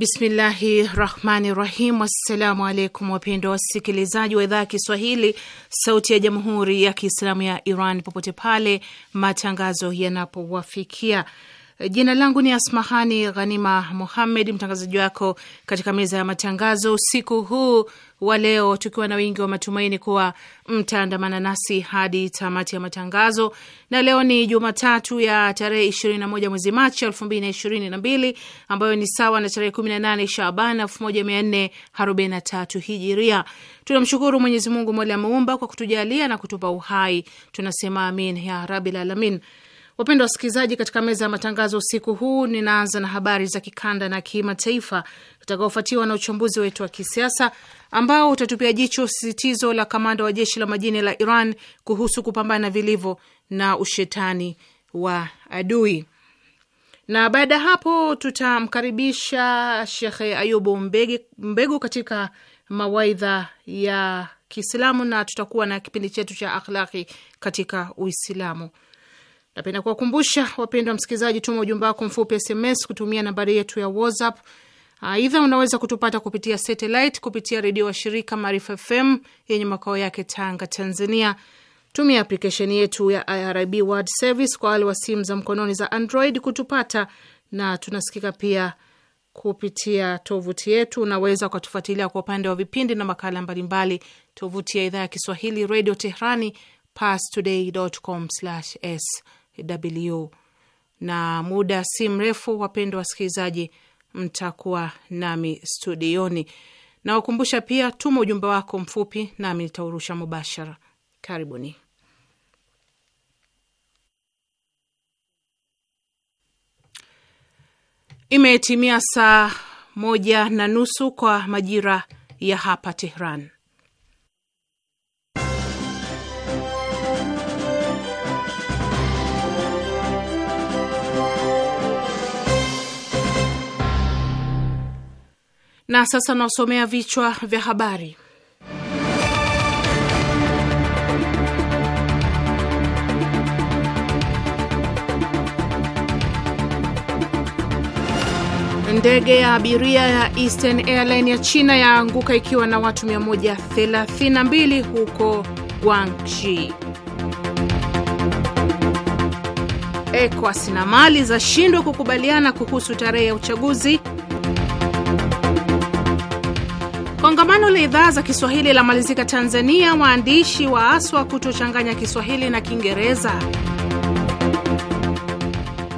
Bismillahi rahmani rahim. Assalamu alaikum wapendwa wasikilizaji wa idhaa ya Kiswahili sauti ya jamhuri ya Kiislamu ya Iran popote pale matangazo yanapowafikia. Jina langu ni Asmahani Ghanima Muhammed, mtangazaji wako katika meza ya matangazo usiku huu wa leo, tukiwa na wingi wa matumaini kuwa mtaandamana nasi hadi tamati ya matangazo. Na leo ni Jumatatu ya tarehe 21 mwezi Machi 2022 ambayo ni sawa na tarehe 18 shaban 1443 Hijiria. Tunamshukuru Mwenyezi Mungu, mola muumba kwa kutujalia na kutupa uhai. Tunasema amin ya rabil alamin. Wapendwa wasikilizaji, katika meza ya matangazo usiku huu, ninaanza na habari za kikanda na kimataifa itakaofuatiwa na uchambuzi wetu wa kisiasa ambao utatupia jicho sisitizo la kamanda wa jeshi la majini la Iran kuhusu kupambana vilivyo na ushetani wa adui, na baada ya hapo tutamkaribisha Shekhe Ayubu Mbegu katika mawaidha ya Kiislamu na tutakuwa na kipindi chetu cha akhlaki katika Uislamu. Napenda kuwakumbusha wapendwa msikilizaji, tuma ujumbe wako mfupi SMS kutumia nambari yetu ya WhatsApp. Aidha, unaweza kutupata kupitia satellite kupitia redio wa shirika Maarifa FM yenye makao yake Tanga, Tanzania. Tumia aplikesheni yetu ya IRIB World Service kwa wale wa simu za mkononi za Android kutupata, na tunasikika pia kupitia tovuti yetu. Unaweza ukatufuatilia kwa upande wa vipindi na makala mbalimbali, tovuti ya idhaa ya Kiswahili Radio Tehrani, pastoday.com/s w na muda si mrefu, wapendwa wasikilizaji, mtakuwa nami studioni. Nawakumbusha pia, tuma ujumbe wako mfupi nami nitaurusha mubashara. Karibuni. Imetimia saa moja na nusu kwa majira ya hapa Tehran, Na sasa nawasomea vichwa vya habari. Ndege ya abiria ya Eastern Airline ya China yaanguka ikiwa na watu 132 huko Guangxi. ECOWAS na Mali zashindwa kukubaliana kuhusu tarehe ya uchaguzi Kongamano la idhaa za Kiswahili la malizika Tanzania, waandishi wa aswa kutochanganya Kiswahili na Kiingereza.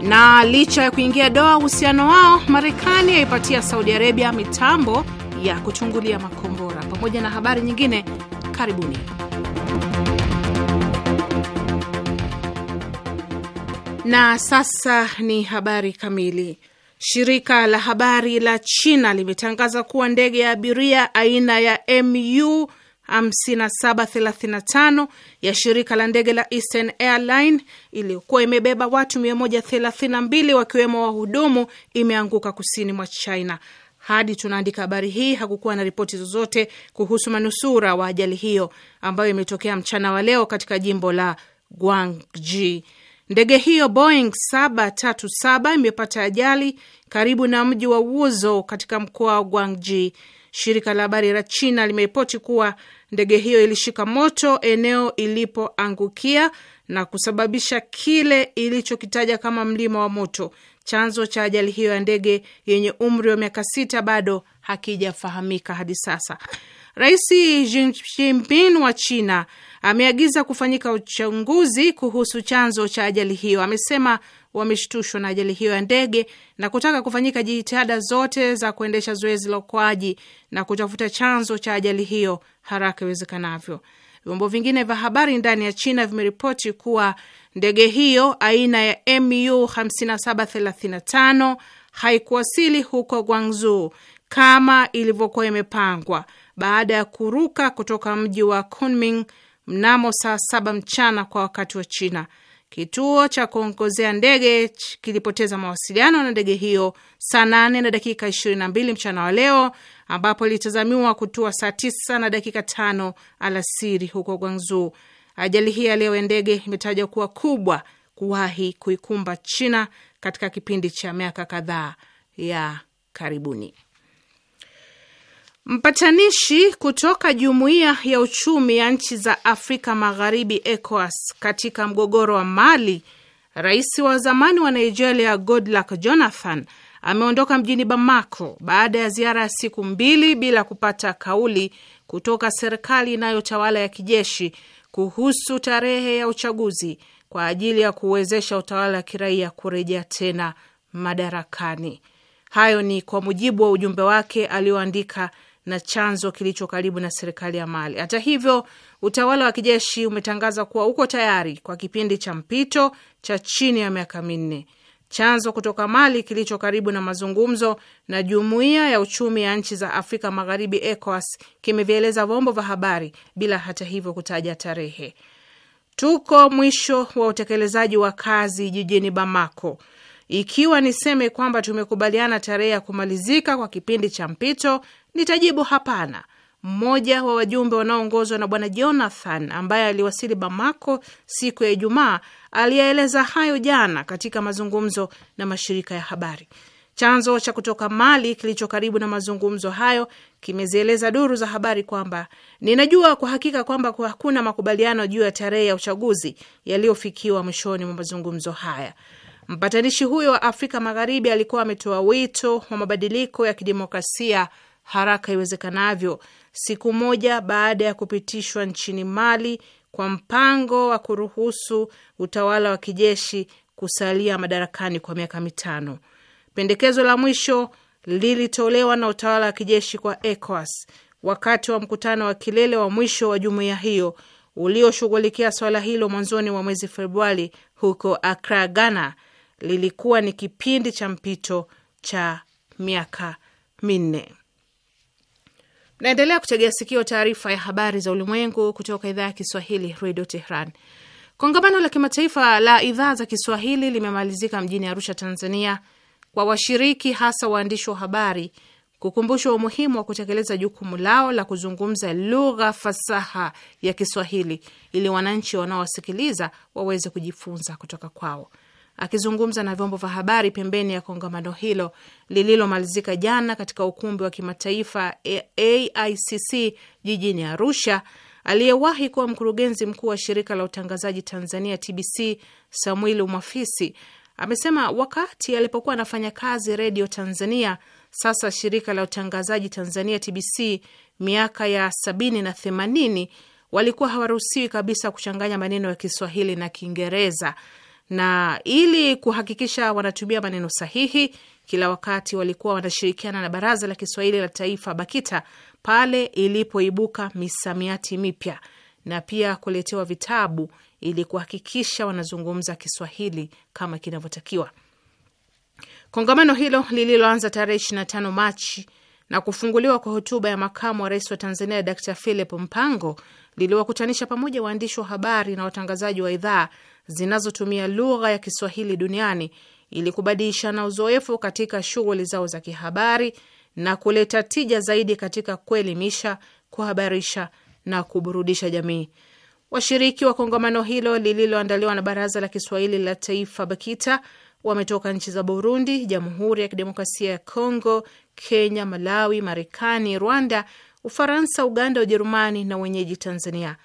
Na licha ya kuingia doa uhusiano wao, Marekani yaipatia Saudi Arabia mitambo ya kuchungulia makombora, pamoja na habari nyingine. Karibuni. Na sasa ni habari kamili. Shirika la habari la China limetangaza kuwa ndege ya abiria aina ya MU 5735 ya shirika la ndege la Eastern Airline iliyokuwa imebeba watu 132 wakiwemo wahudumu imeanguka kusini mwa China. Hadi tunaandika habari hii hakukuwa na ripoti zozote kuhusu manusura wa ajali hiyo ambayo imetokea mchana wa leo katika jimbo la Guangxi. Ndege hiyo Boeing 737 imepata ajali karibu na mji wa Wuzo katika mkoa wa Guangxi. Shirika la habari la China limeripoti kuwa ndege hiyo ilishika moto eneo ilipoangukia na kusababisha kile ilichokitaja kama mlima wa moto. Chanzo cha ajali hiyo ya ndege yenye umri wa miaka sita bado hakijafahamika hadi sasa. Rais Xi Jinping wa China Ameagiza kufanyika uchunguzi kuhusu chanzo cha ajali hiyo. Amesema wameshtushwa na ajali hiyo ya ndege na kutaka kufanyika jitihada zote za kuendesha zoezi la ukoaji na kutafuta chanzo cha ajali hiyo haraka iwezekanavyo. Vyombo vingine vya habari ndani ya China vimeripoti kuwa ndege hiyo aina ya MU 5735 haikuwasili huko Guangzhou kama ilivyokuwa imepangwa baada ya kuruka kutoka mji wa Kunming mnamo saa saba mchana kwa wakati wa China. Kituo cha kuongozea ndege kilipoteza mawasiliano na ndege hiyo saa nane na dakika na mbili mchana wa leo, ambapo ilitazamiwa kutua saa tisa na dakika tano alasiri huko Guangzhou. Ajali hii ya leo ya ndege imetajwa kuwa kubwa kuwahi kuikumba China katika kipindi cha miaka kadhaa ya karibuni. Mpatanishi kutoka Jumuiya ya Uchumi ya Nchi za Afrika Magharibi, ECOWAS, katika mgogoro wa Mali, rais wa zamani wa Nigeria Goodluck Jonathan ameondoka mjini Bamako baada ya ziara ya siku mbili bila kupata kauli kutoka serikali inayotawala ya kijeshi kuhusu tarehe ya uchaguzi kwa ajili ya kuwezesha utawala wa kiraia kurejea tena madarakani. Hayo ni kwa mujibu wa ujumbe wake alioandika na chanzo kilicho karibu na serikali ya Mali. Hata hivyo, utawala wa kijeshi umetangaza kuwa uko tayari kwa kipindi cha mpito cha chini ya miaka minne. Chanzo kutoka Mali kilicho karibu na mazungumzo na jumuiya ya uchumi ya nchi za Afrika Magharibi, ECOWAS, kimevieleza vyombo vya habari bila hata hivyo kutaja tarehe. Tuko mwisho wa utekelezaji wa kazi jijini Bamako ikiwa niseme kwamba tumekubaliana tarehe ya kumalizika kwa kipindi cha mpito, nitajibu hapana. Mmoja wa wajumbe wanaoongozwa na bwana Jonathan ambaye aliwasili Bamako siku ya Ijumaa aliyaeleza hayo jana katika mazungumzo na mashirika ya habari. Chanzo cha kutoka Mali kilicho karibu na mazungumzo hayo kimezieleza duru za habari kwamba ninajua kwa hakika kwamba hakuna makubaliano juu ya tarehe ya uchaguzi yaliyofikiwa mwishoni mwa mazungumzo haya. Mpatanishi huyo wa Afrika Magharibi alikuwa ametoa wito wa mabadiliko ya kidemokrasia haraka iwezekanavyo, siku moja baada ya kupitishwa nchini Mali kwa mpango wa kuruhusu utawala wa kijeshi kusalia madarakani kwa miaka mitano. Pendekezo la mwisho lilitolewa na utawala wa kijeshi kwa ECOWAS wakati wa mkutano wa kilele wa mwisho wa jumuiya hiyo ulioshughulikia swala hilo mwanzoni mwa mwezi Februari huko Akra, Ghana, lilikuwa ni kipindi cha mpito cha miaka minne. Naendelea kutegea sikio taarifa ya habari za ulimwengu kutoka idhaa ya Kiswahili redio Tehran. Kongamano la kimataifa la idhaa za Kiswahili limemalizika mjini Arusha, Tanzania, kwa washiriki hasa waandishi wa habari kukumbushwa umuhimu wa kutekeleza jukumu lao la kuzungumza lugha fasaha ya Kiswahili ili wananchi wanaowasikiliza waweze kujifunza kutoka kwao. Akizungumza na vyombo vya habari pembeni ya kongamano hilo lililomalizika jana katika ukumbi wa kimataifa AICC jijini Arusha, aliyewahi kuwa mkurugenzi mkuu wa shirika la utangazaji Tanzania TBC Samuel Mwafisi amesema wakati alipokuwa anafanya kazi redio Tanzania, sasa shirika la utangazaji Tanzania TBC, miaka ya sabini na themanini, walikuwa hawaruhusiwi kabisa kuchanganya maneno ya Kiswahili na Kiingereza na ili kuhakikisha wanatumia maneno sahihi, kila wakati walikuwa wanashirikiana na Baraza la Kiswahili la Taifa BAKITA pale ilipoibuka misamiati mipya na pia kuletewa vitabu ili kuhakikisha wanazungumza Kiswahili kama kinavyotakiwa. Kongamano hilo lililoanza tarehe 25 Machi na kufunguliwa kwa hotuba ya makamu wa rais wa Tanzania Dr Philip Mpango liliwakutanisha pamoja waandishi wa habari na watangazaji wa idhaa zinazotumia lugha ya Kiswahili duniani ili kubadilishana uzoefu katika shughuli zao za kihabari na kuleta tija zaidi katika kuelimisha, kuhabarisha na kuburudisha jamii. Washiriki wa kongamano hilo lililoandaliwa na Baraza la Kiswahili la Taifa BAKITA wametoka nchi za Burundi, Jamhuri ya Kidemokrasia ya Kongo, Kenya, Malawi, Marekani, Rwanda, Ufaransa, Uganda, Ujerumani na wenyeji Tanzania.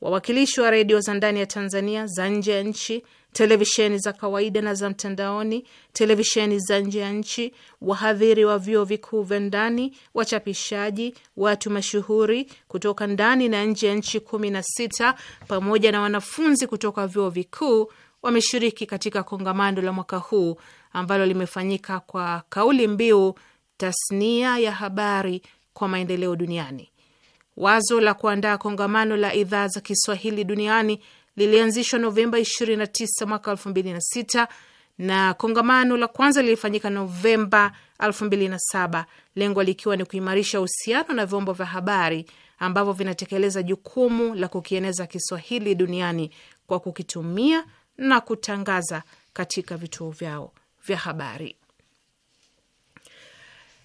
Wawakilishi wa redio za ndani ya Tanzania, za nje ya nchi, televisheni za kawaida na za mtandaoni, televisheni za nje ya nchi, wahadhiri wa vyuo vikuu vya ndani, wachapishaji, watu mashuhuri kutoka ndani na nje ya nchi kumi na sita pamoja na wanafunzi kutoka vyuo vikuu wameshiriki katika kongamano la mwaka huu ambalo limefanyika kwa kauli mbiu tasnia ya habari kwa maendeleo duniani. Wazo la kuandaa kongamano la idhaa za Kiswahili duniani lilianzishwa Novemba 29 mwaka 2006 na kongamano la kwanza lilifanyika Novemba 2007, lengo likiwa ni kuimarisha uhusiano na vyombo vya habari ambavyo vinatekeleza jukumu la kukieneza Kiswahili duniani kwa kukitumia na kutangaza katika vituo vyao vya habari.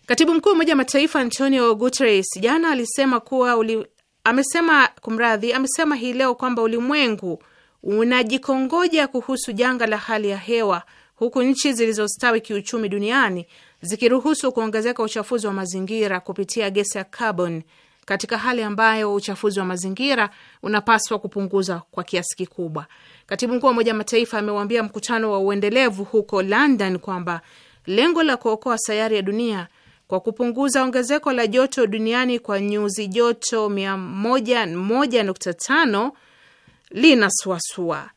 Katibu mkuu wa Umoja wa Mataifa Antonio Guterres jana alisema kuwa uli, amesema kumradhi, amesema hii leo kwamba ulimwengu unajikongoja kuhusu janga la hali ya hewa huku nchi zilizostawi kiuchumi duniani zikiruhusu kuongezeka uchafuzi wa mazingira kupitia gesi ya carbon katika hali ambayo uchafuzi wa mazingira unapaswa kupunguza kwa kiasi kikubwa. Katibu mkuu wa Umoja Mataifa amewaambia mkutano wa uendelevu huko London kwamba lengo la kuokoa sayari ya dunia kwa kupunguza ongezeko la joto duniani kwa nyuzi joto 101.5 linasuasua.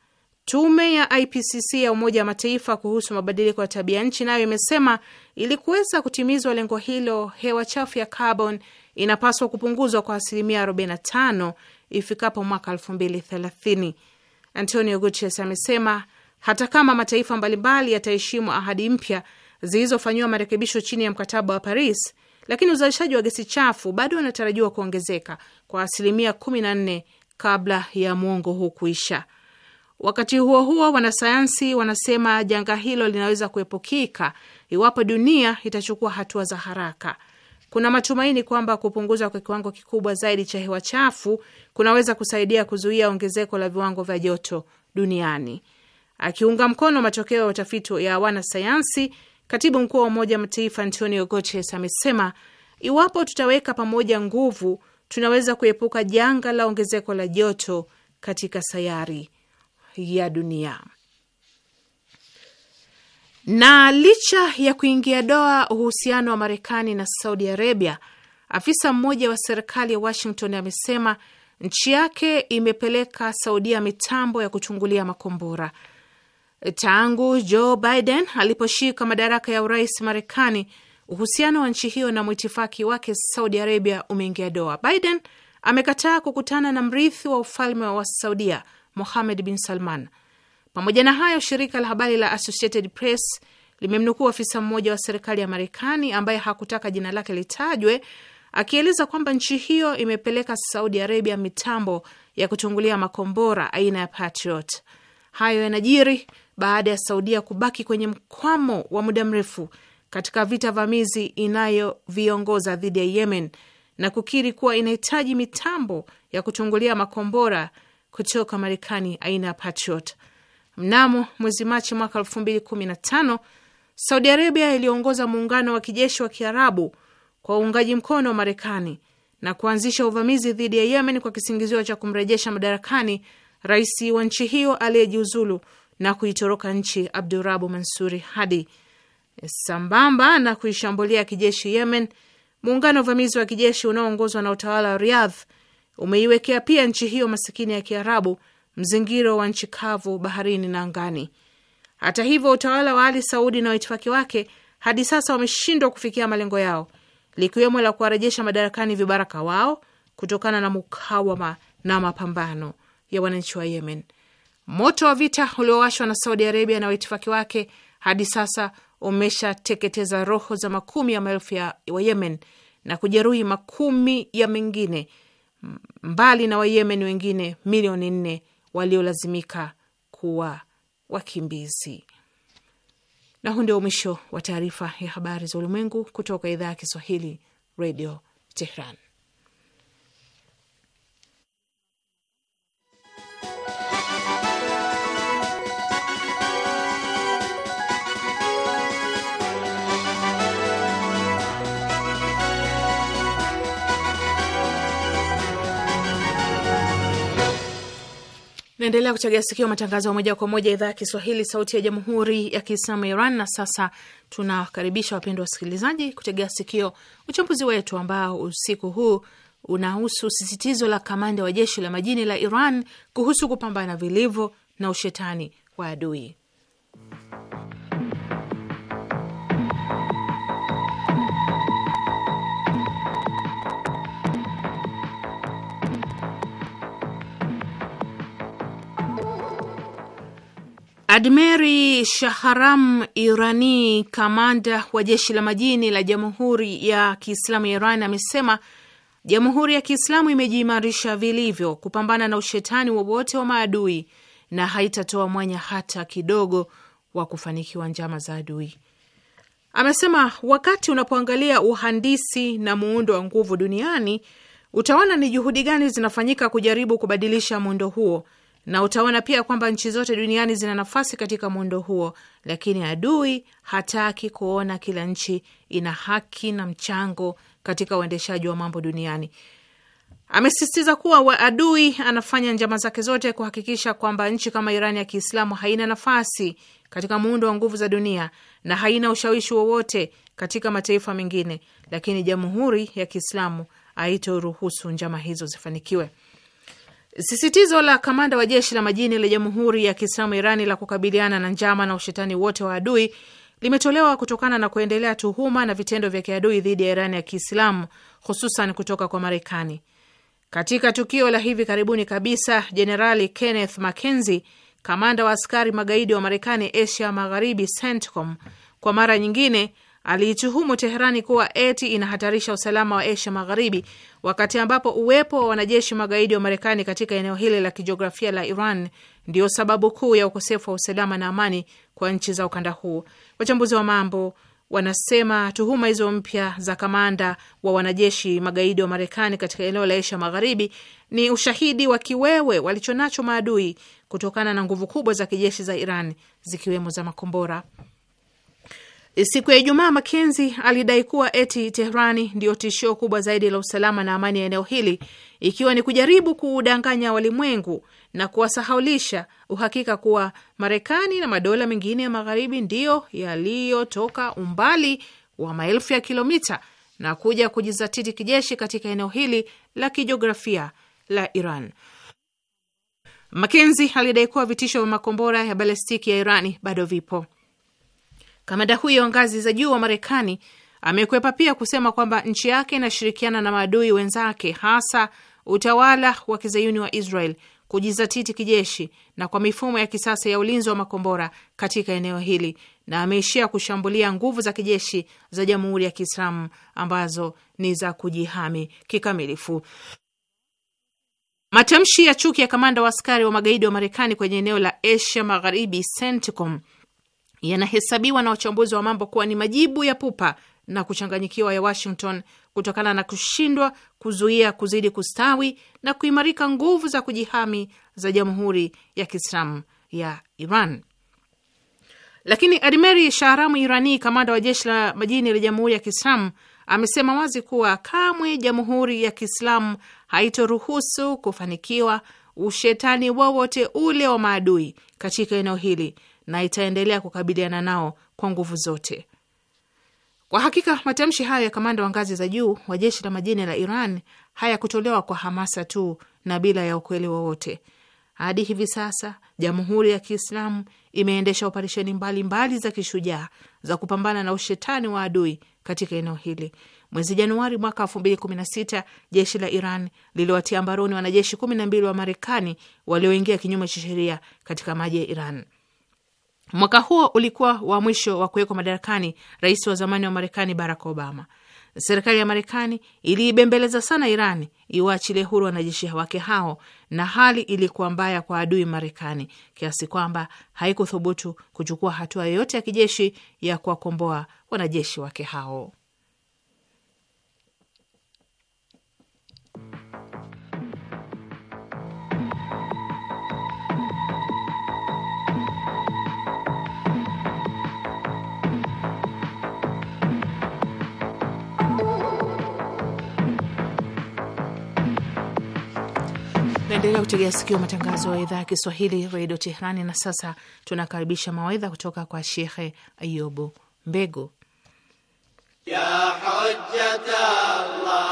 Tume ya IPCC ya Umoja wa Mataifa kuhusu mabadiliko ya tabia nchi nayo imesema ili kuweza kutimizwa lengo hilo, hewa chafu ya carbon inapaswa kupunguzwa kwa asilimia 45 ifikapo mwaka 2030. Antonio Guterres amesema hata kama mataifa mbalimbali yataheshimu ahadi mpya zilizofanyiwa marekebisho chini ya mkataba wa Paris, lakini uzalishaji wa gesi chafu bado unatarajiwa kuongezeka kwa asilimia 14 kabla ya mwongo huu kuisha. Wakati huo huo, wanasayansi wanasema janga hilo linaweza kuepukika iwapo dunia itachukua hatua za haraka. Kuna matumaini kwamba kupunguzwa kwa kiwango kikubwa zaidi cha hewa chafu kunaweza kusaidia kuzuia ongezeko la viwango vya joto duniani. Akiunga mkono matokeo ya utafiti ya wanasayansi, katibu mkuu wa Umoja Mataifa Antonio Guterres amesema iwapo tutaweka pamoja nguvu, tunaweza kuepuka janga la ongezeko la joto katika sayari ya dunia. Na licha ya kuingia doa uhusiano wa Marekani na Saudi Arabia, afisa mmoja wa serikali ya Washington amesema nchi yake imepeleka Saudia mitambo ya kuchungulia makombora. Tangu Joe Biden aliposhika madaraka ya urais Marekani, uhusiano wa nchi hiyo na mwitifaki wake Saudi Arabia umeingia doa. Biden amekataa kukutana na mrithi wa ufalme wa Saudia, Mohammed bin Salman. Pamoja na hayo, shirika la habari la Associated Press limemnukuu afisa mmoja wa serikali ya Marekani ambaye hakutaka jina lake litajwe akieleza kwamba nchi hiyo imepeleka Saudi Arabia mitambo ya kuchungulia makombora aina ya Patriot. Hayo yanajiri baada ya Saudia kubaki kwenye mkwamo wa muda mrefu katika vita vamizi inayoviongoza dhidi ya Yemen na kukiri kuwa inahitaji mitambo ya kuchungulia makombora kutoka Marekani aina ya Patriot. Mnamo mwezi Machi mwaka tano Saudi Arabia iliongoza muungano wa kijeshi wa Kiarabu kwa uungaji mkono wa Marekani na kuanzisha uvamizi dhidi ya Yemen kwa kisingizio cha kumrejesha madarakani rais wa nchi hiyo aliyejiuzulu na kuitoroka nchi Abdurabu Mansuri Hadi. Sambamba na kuishambulia kijeshi Yemen, muungano wa uvamizi wa kijeshi unaoongozwa na utawala wa Riyadh umeiwekea pia nchi hiyo masikini ya Kiarabu mzingiro wa nchi kavu, baharini na angani. Hata hivyo, utawala wa Ali Saudi na waitifaki wake hadi sasa wameshindwa kufikia malengo yao, likiwemo la kuwarejesha madarakani vibaraka wao kutokana na mukawama na mapambano ya wananchi wa Yemen. Moto wa vita uliowashwa na Saudi Arabia na waitifaki wake hadi sasa umeshateketeza roho za makumi ya maelfu ya Wayemen na kujeruhi makumi ya mengine, mbali na Wayemen wengine milioni nne waliolazimika kuwa wakimbizi. Na huu ndio mwisho wa taarifa ya habari za ulimwengu kutoka idhaa ya Kiswahili, Radio Tehran. Naendelea kuchagia sikio matangazo ya moja kwa moja idhaa ya Kiswahili sauti ya jamhuri ya kiislamu Iran. Na sasa tunawakaribisha wapendwa wasikilizaji kutegea sikio uchambuzi wetu ambao usiku huu unahusu sisitizo la kamanda wa jeshi la majini la Iran kuhusu kupambana vilivyo na ushetani wa adui. Admeri Shaharam Irani, kamanda wa jeshi la majini la Jamhuri ya Kiislamu ya Iran, amesema Jamhuri ya Kiislamu imejiimarisha vilivyo kupambana na ushetani wowote wa maadui na haitatoa mwanya hata kidogo wa kufanikiwa njama za adui. Amesema wakati unapoangalia uhandisi na muundo wa nguvu duniani, utaona ni juhudi gani zinafanyika kujaribu kubadilisha muundo huo na utaona pia kwamba nchi zote duniani zina nafasi katika muundo huo, lakini adui hataki kuona kila nchi ina haki na mchango katika uendeshaji wa mambo duniani. Amesisitiza kuwa adui anafanya njama zake zote kuhakikisha kwamba nchi kama Irani ya Kiislamu haina nafasi katika muundo wa nguvu za dunia na haina ushawishi wowote katika mataifa mengine, lakini Jamhuri ya Kiislamu haitoruhusu njama hizo zifanikiwe. Sisitizo la kamanda wa jeshi la majini la Jamhuri ya Kiislamu Irani la kukabiliana na njama na ushetani wote wa adui limetolewa kutokana na kuendelea tuhuma na vitendo vya kiadui dhidi ya Irani ya Kiislamu, hususan kutoka kwa Marekani. Katika tukio la hivi karibuni kabisa, Jenerali Kenneth Mackenzie, kamanda wa askari magaidi wa Marekani Asia Magharibi, CENTCOM, kwa mara nyingine aliituhumu Teherani kuwa eti inahatarisha usalama wa Asia Magharibi, wakati ambapo uwepo wa wanajeshi magaidi wa Marekani katika eneo hili la kijiografia la Iran ndio sababu kuu ya ukosefu wa usalama na amani kwa nchi za ukanda huu. Wachambuzi wa mambo wanasema tuhuma hizo mpya za kamanda wa wanajeshi magaidi wa Marekani katika eneo la Asia Magharibi ni ushahidi wa kiwewe walichonacho maadui kutokana na nguvu kubwa za kijeshi za Iran zikiwemo za makombora. Siku ya Ijumaa, Makenzi alidai kuwa eti Tehrani ndiyo tishio kubwa zaidi la usalama na amani ya eneo hili, ikiwa ni kujaribu kuudanganya walimwengu na kuwasahaulisha uhakika kuwa Marekani na madola mengine ya magharibi ndiyo yaliyotoka umbali wa maelfu ya kilomita na kuja kujizatiti kijeshi katika eneo hili la kijiografia la Iran. Makenzi alidai kuwa vitisho vya makombora ya balestiki ya Irani bado vipo. Kamanda huyo ngazi za juu wa Marekani amekwepa pia kusema kwamba nchi yake inashirikiana na maadui wenzake, hasa utawala wa kizayuni wa Israel kujizatiti kijeshi na kwa mifumo ya kisasa ya ulinzi wa makombora katika eneo hili, na ameishia kushambulia nguvu za kijeshi za Jamhuri ya Kiislamu ambazo ni za kujihami kikamilifu. Matamshi ya chuki ya kamanda wa askari wa magaidi wa Marekani kwenye eneo la Asia Magharibi, CENTCOM yanahesabiwa na wachambuzi wa mambo kuwa ni majibu ya pupa na kuchanganyikiwa ya Washington kutokana na kushindwa kuzuia kuzidi kustawi na kuimarika nguvu za kujihami za Jamhuri ya Kiislamu ya Iran. Lakini Admeri Shahramu Irani, kamanda wa jeshi la majini la Jamhuri ya Kiislamu, amesema wazi kuwa kamwe Jamhuri ya Kiislamu haitoruhusu kufanikiwa ushetani wowote ule wa maadui katika eneo hili na itaendelea kukabiliana nao kwa nguvu zote. Kwa hakika matamshi hayo ya kamanda wa ngazi za juu wa jeshi la majini la Iran hayakutolewa kwa hamasa tu na bila ya ukweli wowote. Hadi hivi sasa Jamhuri ya Kiislamu imeendesha operesheni mbalimbali za kishujaa za kupambana na ushetani wa adui katika eneo hili. Mwezi Januari mwaka sita jeshi la Iran liliwatia mbaroni wanajeshi mbili wa Marekani walioingia kinyume cha sheria katika maji ya Iran. Mwaka huo ulikuwa wa mwisho wa kuwekwa madarakani rais wa zamani wa Marekani Barack Obama. Serikali ya Marekani iliibembeleza sana iran iwaachilie huru wanajeshi wake hao, na hali ilikuwa mbaya kwa adui Marekani kiasi kwamba haikuthubutu kuchukua hatua yoyote ya kijeshi ya kuwakomboa wanajeshi wake hao. Naendelea kutegea sikio matangazo ya idhaa ya Kiswahili redio Teherani. Na sasa tunakaribisha mawaidha kutoka kwa Shekhe Ayubu Mbego ya hujjata Allah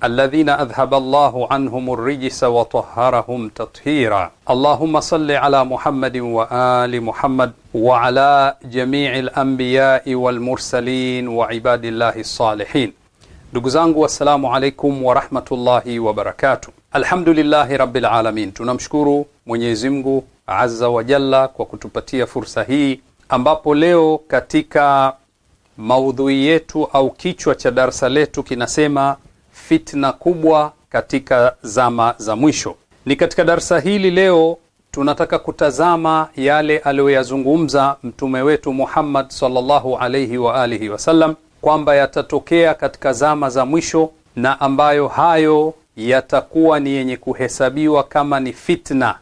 alladhina adhhaba Allahu anhum ar wa tahharahum tathira Allahumma salli ala Muhammadin wa ali Muhammad wa ala jami'il anbiya'i wal mursalin wa ibadillahi salihin. Ndugu zangu, assalamu alaykum wa rahmatullahi wa barakatuh. Alhamdulillahi rabbil alamin, tunamshukuru Mwenyezi Mungu azza wa jalla kwa kutupatia fursa hii ambapo leo katika maudhui yetu au kichwa cha darsa letu kinasema fitna kubwa katika zama za mwisho. Ni katika darsa hili leo tunataka kutazama yale aliyoyazungumza mtume wetu Muhammad sallallahu alayhi wa alihi wasallam kwamba yatatokea katika zama za mwisho na ambayo hayo yatakuwa ni yenye kuhesabiwa kama ni fitna,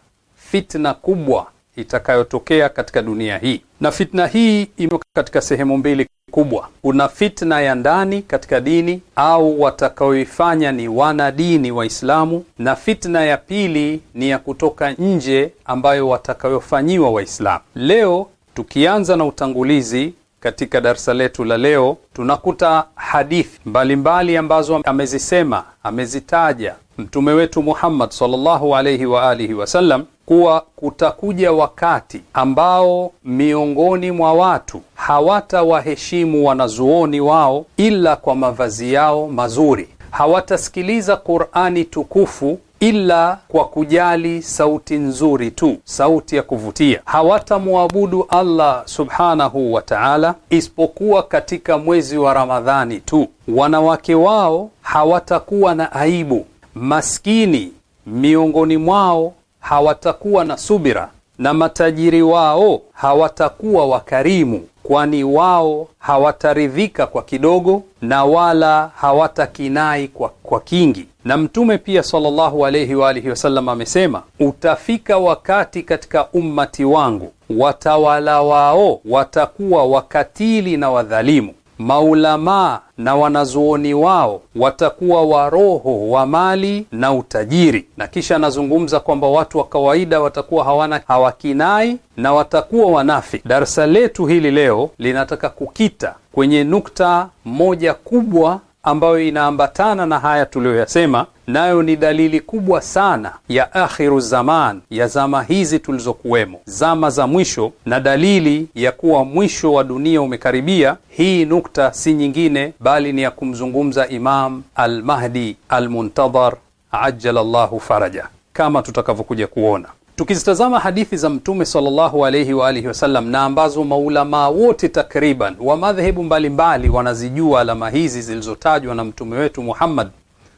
fitna kubwa itakayotokea katika dunia hii na fitna hii imo katika sehemu mbili kubwa. Kuna fitna ya ndani katika dini au watakaoifanya ni wana dini Waislamu, na fitna ya pili ni ya kutoka nje ambayo watakayofanyiwa Waislamu. Leo tukianza na utangulizi katika darsa letu la leo, tunakuta hadithi mbalimbali mbali ambazo amezisema amezitaja mtume wetu Muhammad sallallahu alayhi wa alihi wasallam kuwa kutakuja wakati ambao miongoni mwa watu hawatawaheshimu wanazuoni wao ila kwa mavazi yao mazuri, hawatasikiliza Qur'ani tukufu ila kwa kujali sauti nzuri tu, sauti ya kuvutia. Hawatamwabudu Allah subhanahu wa ta'ala isipokuwa katika mwezi wa Ramadhani tu. Wanawake wao hawatakuwa na aibu maskini miongoni mwao hawatakuwa na subira na matajiri wao hawatakuwa wakarimu, kwani wao hawataridhika kwa kidogo na wala hawatakinai kwa, kwa kingi. Na Mtume pia sallallahu alayhi wa alihi wasallam amesema, utafika wakati katika ummati wangu watawala wao watakuwa wakatili na wadhalimu maulamaa na wanazuoni wao watakuwa wa roho wa mali na utajiri. Na kisha anazungumza kwamba watu wa kawaida watakuwa hawana hawakinai na watakuwa wanafi. Darasa letu hili leo linataka kukita kwenye nukta moja kubwa ambayo inaambatana na haya tuliyoyasema, nayo ni dalili kubwa sana ya akhiru zaman, ya zama hizi tulizokuwemo, zama za mwisho, na dalili ya kuwa mwisho wa dunia umekaribia. Hii nukta si nyingine bali ni ya kumzungumza Imam Almahdi Almuntadhar ajala llahu faraja, kama tutakavyokuja kuona. Tukizitazama hadithi za Mtume sallallahu alayhi wa alihi wasallam na ambazo maulamaa wote takriban wa madhehebu mbalimbali wanazijua alama hizi zilizotajwa na Mtume wetu Muhammad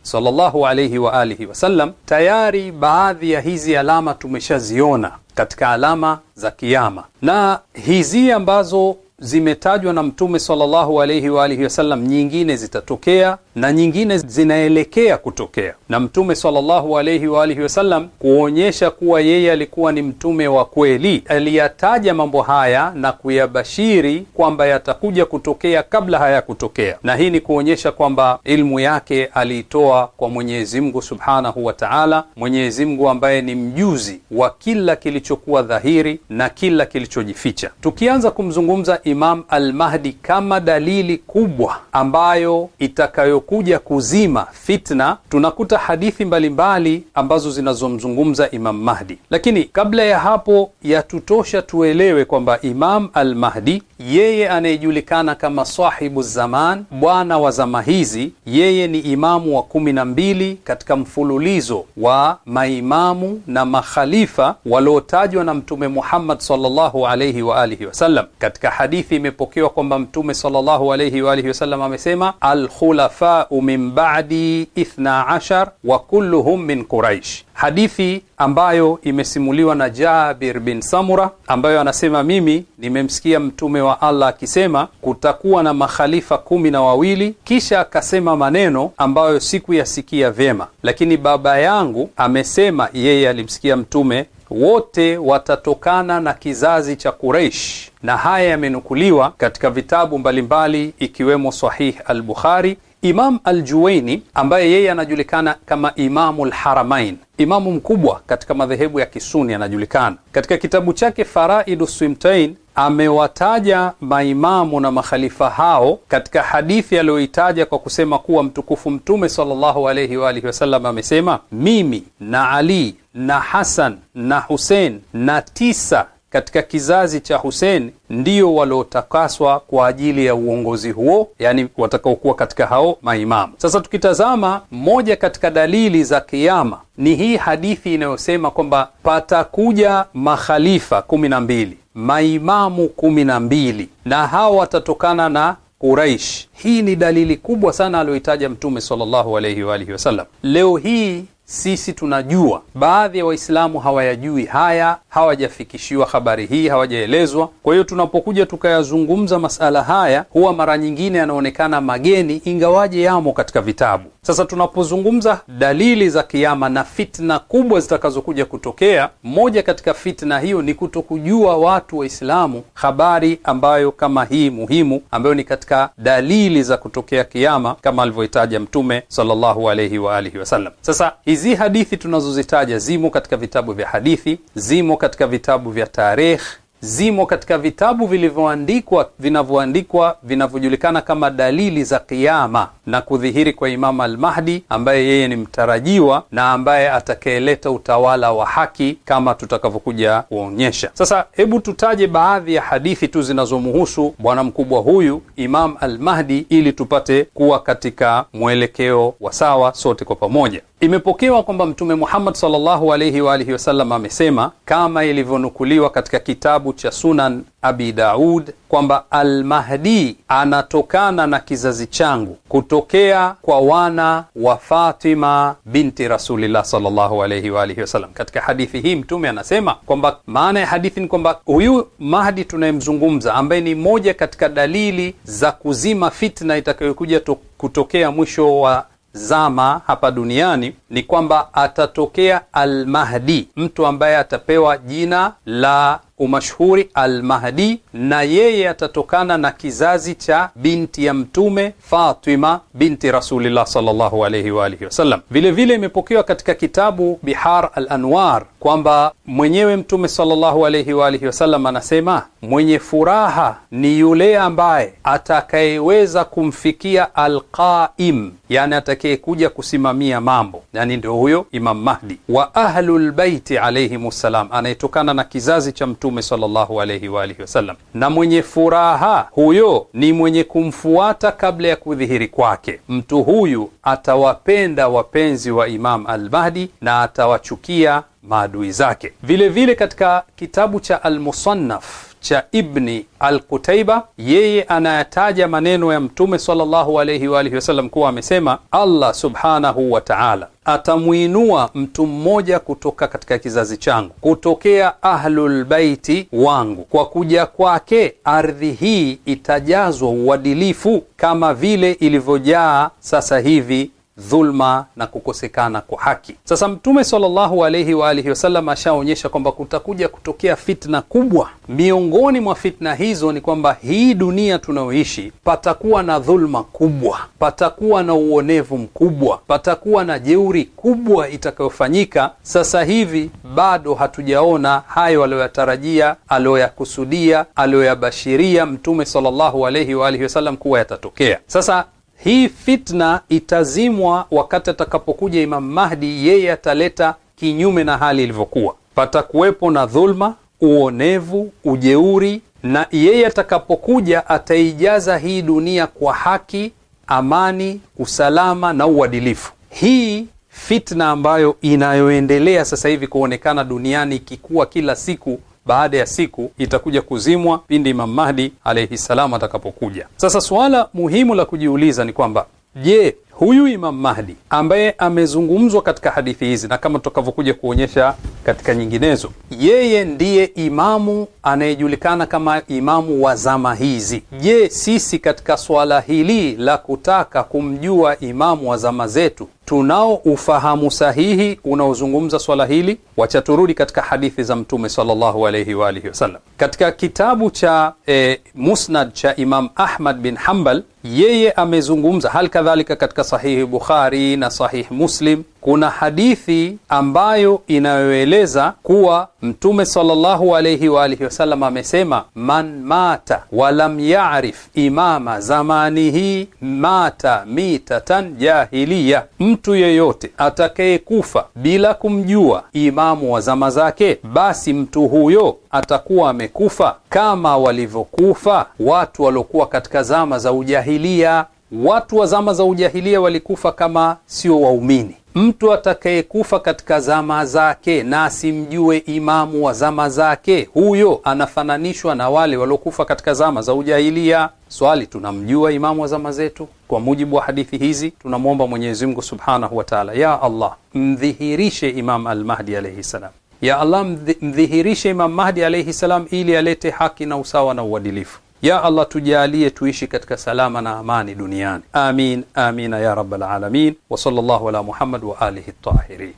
sallallahu alayhi wa alihi wasallam, tayari baadhi ya hizi alama tumeshaziona katika alama za Kiyama, na hizi ambazo zimetajwa na Mtume sallallahu alayhi wa alihi wasallam, nyingine zitatokea na nyingine zinaelekea kutokea, na Mtume sallallahu alayhi wa alihi wasallam kuonyesha kuwa yeye alikuwa ni mtume wa kweli, aliyataja mambo haya na kuyabashiri kwamba yatakuja kutokea kabla hayakutokea, na hii ni kuonyesha kwamba ilmu yake aliitoa kwa Mwenyezi Mungu subhanahu wa taala, Mwenyezi Mungu ambaye ni mjuzi wa kila kilichokuwa dhahiri na kila kilichojificha. Tukianza kumzungumza Imam almahdi kama dalili kubwa ambayo itakayo yaliyokuja kuzima fitna, tunakuta hadithi mbalimbali mbali ambazo zinazomzungumza Imam Mahdi. Lakini kabla ya hapo, yatutosha tuelewe kwamba Imam al-Mahdi yeye anayejulikana kama sahibu zaman, bwana wa zama hizi, yeye ni imamu wa kumi na mbili katika mfululizo wa maimamu na makhalifa waliotajwa na Mtume Muhammad sallallahu alayhi wa alihi wasallam. Katika hadithi imepokewa kwamba Mtume sallallahu alayhi wa alihi wasallam amesema alkhulafa khulafau min ba'di ithna ashar wa kulluhum min Quraish, hadithi ambayo imesimuliwa na Jabir bin Samura ambayo anasema mimi nimemsikia mtume wa Allah akisema kutakuwa na makhalifa kumi na wawili, kisha akasema maneno ambayo sikuyasikia vyema, lakini baba yangu amesema yeye alimsikia mtume wote watatokana na kizazi cha Quraish, na haya yamenukuliwa katika vitabu mbalimbali ikiwemo Sahih al-Bukhari Imam Aljuwaini ambaye yeye anajulikana kama Imamu Lharamain, imamu mkubwa katika madhehebu ya Kisuni anajulikana. Katika kitabu chake Faraidu Swimtain amewataja maimamu na makhalifa hao katika hadithi aliyoitaja kwa kusema kuwa mtukufu Mtume sallallahu alayhi wa alihi wasallam amesema, mimi na Ali na Hasan na Husein na tisa katika kizazi cha Hussein ndio waliotakaswa kwa ajili ya uongozi huo, yani watakaokuwa katika hao maimamu. Sasa tukitazama, moja katika dalili za kiama ni hii hadithi inayosema kwamba patakuja makhalifa kumi na mbili, maimamu kumi na mbili, na hao watatokana na Quraish. Hii ni dalili kubwa sana aliyoitaja Mtume sallallahu alayhi wa alihi wasallam. Leo hii sisi tunajua, baadhi ya wa Waislamu hawayajui haya, hawajafikishiwa habari hii, hawajaelezwa. Kwa hiyo tunapokuja tukayazungumza masala haya, huwa mara nyingine yanaonekana mageni, ingawaje yamo katika vitabu. Sasa tunapozungumza dalili za kiama na fitna kubwa zitakazokuja kutokea, moja katika fitna hiyo ni kutokujua watu Waislamu habari ambayo kama hii muhimu, ambayo ni katika dalili za kutokea kiama kama alivyoitaja Mtume sallallahu alaihi wa alihi wasallam. Sasa hizi hadithi tunazozitaja zimo katika vitabu vya hadithi, zimo katika vitabu vya tarikh zimo katika vitabu vilivyoandikwa vinavyoandikwa vinavyojulikana kama dalili za kiama na kudhihiri kwa Imam al-Mahdi ambaye yeye ni mtarajiwa na ambaye atakayeleta utawala wa haki kama tutakavyokuja kuonyesha. Sasa hebu tutaje baadhi ya hadithi tu zinazomuhusu bwana mkubwa huyu Imam al-Mahdi ili tupate kuwa katika mwelekeo wa sawa sote kwa pamoja. Imepokewa kwamba Mtume Muhammad sallallahu alaihi wa alihi wasallam amesema kama ilivyonukuliwa katika kitabu kitabu cha Sunan Abi Daud kwamba Almahdi anatokana na kizazi changu kutokea kwa wana wa Fatima binti Rasulillah sallallahu alayhi wa alihi wasallam. Katika hadithi hii Mtume anasema kwamba maana ya hadithi ni kwamba huyu Mahdi tunayemzungumza, ambaye ni moja katika dalili za kuzima fitna itakayokuja kutokea mwisho wa zama hapa duniani ni kwamba atatokea Almahdi, mtu ambaye atapewa jina la umashuhuri Almahdi, na yeye atatokana na kizazi cha binti ya Mtume Fatima binti Rasulillah sallallahu alayhi wa alihi wasallam. Vilevile imepokewa katika kitabu Bihar al Anwar kwamba mwenyewe Mtume sallallahu alayhi wa alihi wasallam anasema, mwenye furaha ni yule ambaye atakayeweza kumfikia Alqaim, yani atakayekuja kusimamia mambo, yani ndio huyo Imam Mahdi wa ahlul baiti alayhimus anayetokana na kizazi cha Mtume Mtume sallallahu alayhi wa alihi wasallam, na mwenye furaha huyo ni mwenye kumfuata kabla ya kudhihiri kwake. Mtu huyu atawapenda wapenzi wa Imam al-Mahdi na atawachukia maadui zake. Vilevile vile katika kitabu cha Al-Musannaf cha Ibni al-Qutaiba, yeye anayataja maneno ya Mtume sallallahu alayhi wa alihi wasallam kuwa amesema, Allah subhanahu wa ta'ala atamwinua mtu mmoja kutoka katika kizazi changu kutokea ahlulbaiti wangu, kwa kuja kwake ardhi hii itajazwa uadilifu kama vile ilivyojaa sasa hivi dhulma na kukosekana kwa haki. Sasa Mtume sallallahu alaihi wa alihi wasallam ashaonyesha kwamba kutakuja kutokea fitna kubwa. Miongoni mwa fitna hizo ni kwamba hii dunia tunayoishi, patakuwa na dhulma kubwa, patakuwa na uonevu mkubwa, patakuwa na jeuri kubwa itakayofanyika. Sasa hivi bado hatujaona hayo aliyoyatarajia, aliyoyakusudia, aliyoyabashiria Mtume sallallahu alaihi wa alihi wasallam kuwa yatatokea. Sasa hii fitna itazimwa wakati atakapokuja Imam Mahdi. Yeye ataleta kinyume na hali ilivyokuwa, patakuwepo na dhulma, uonevu, ujeuri, na yeye atakapokuja ataijaza hii dunia kwa haki, amani, usalama na uadilifu. Hii fitna ambayo inayoendelea sasa hivi kuonekana duniani ikikuwa kila siku baada ya siku itakuja kuzimwa pindi Imam Mahdi alayhi salam atakapokuja. Sasa suala muhimu la kujiuliza ni kwamba je, huyu Imam Mahdi ambaye amezungumzwa katika hadithi hizi na kama tutakavyokuja kuonyesha katika nyinginezo, yeye ndiye imamu anayejulikana kama imamu wa zama hizi. Je, sisi katika swala hili la kutaka kumjua imamu wa zama zetu tunao ufahamu sahihi unaozungumza swala hili? Wacha turudi katika hadithi za Mtume sallallahu wa alihi wasallam. Katika kitabu cha e, Musnad cha Imam Ahmad bin hambal yeye amezungumza hal kadhalika katika sahihi Bukhari na sahihi Muslim kuna hadithi ambayo inayoeleza kuwa Mtume sallallahu alayhi wa alihi wasallam amesema, man mata walam yarif imama zamanihi mata mitatan jahiliya, mtu yeyote atakayekufa bila kumjua imamu wa zama zake, basi mtu huyo atakuwa amekufa kama walivyokufa watu waliokuwa katika zama za ujahilia. Watu wa zama za ujahilia walikufa kama sio waumini. Mtu atakayekufa katika zama zake na asimjue imamu wa zama zake, huyo anafananishwa na wale waliokufa katika zama za ujahilia. Swali, tunamjua imamu wa zama zetu? Kwa mujibu wa hadithi hizi, tunamwomba Mwenyezi Mungu subhanahu wa taala, ya Allah, mdhihirishe Imam Almahdi alaihi ssalam. Ya Allah, mdhihirishe Imam Mahdi alaihi ssalam, ili alete haki na usawa na uadilifu ya Allah tujalie tuishi katika salama na amani duniani. Amin, amina ya rabbal alamin. Wa sallallahu ala Muhammad wa alihi tahirin.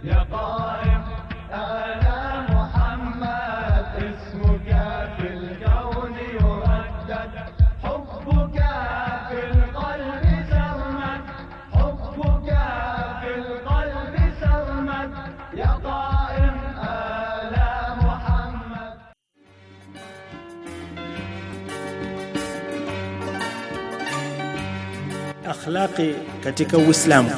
akhlaqi katika Uislamu.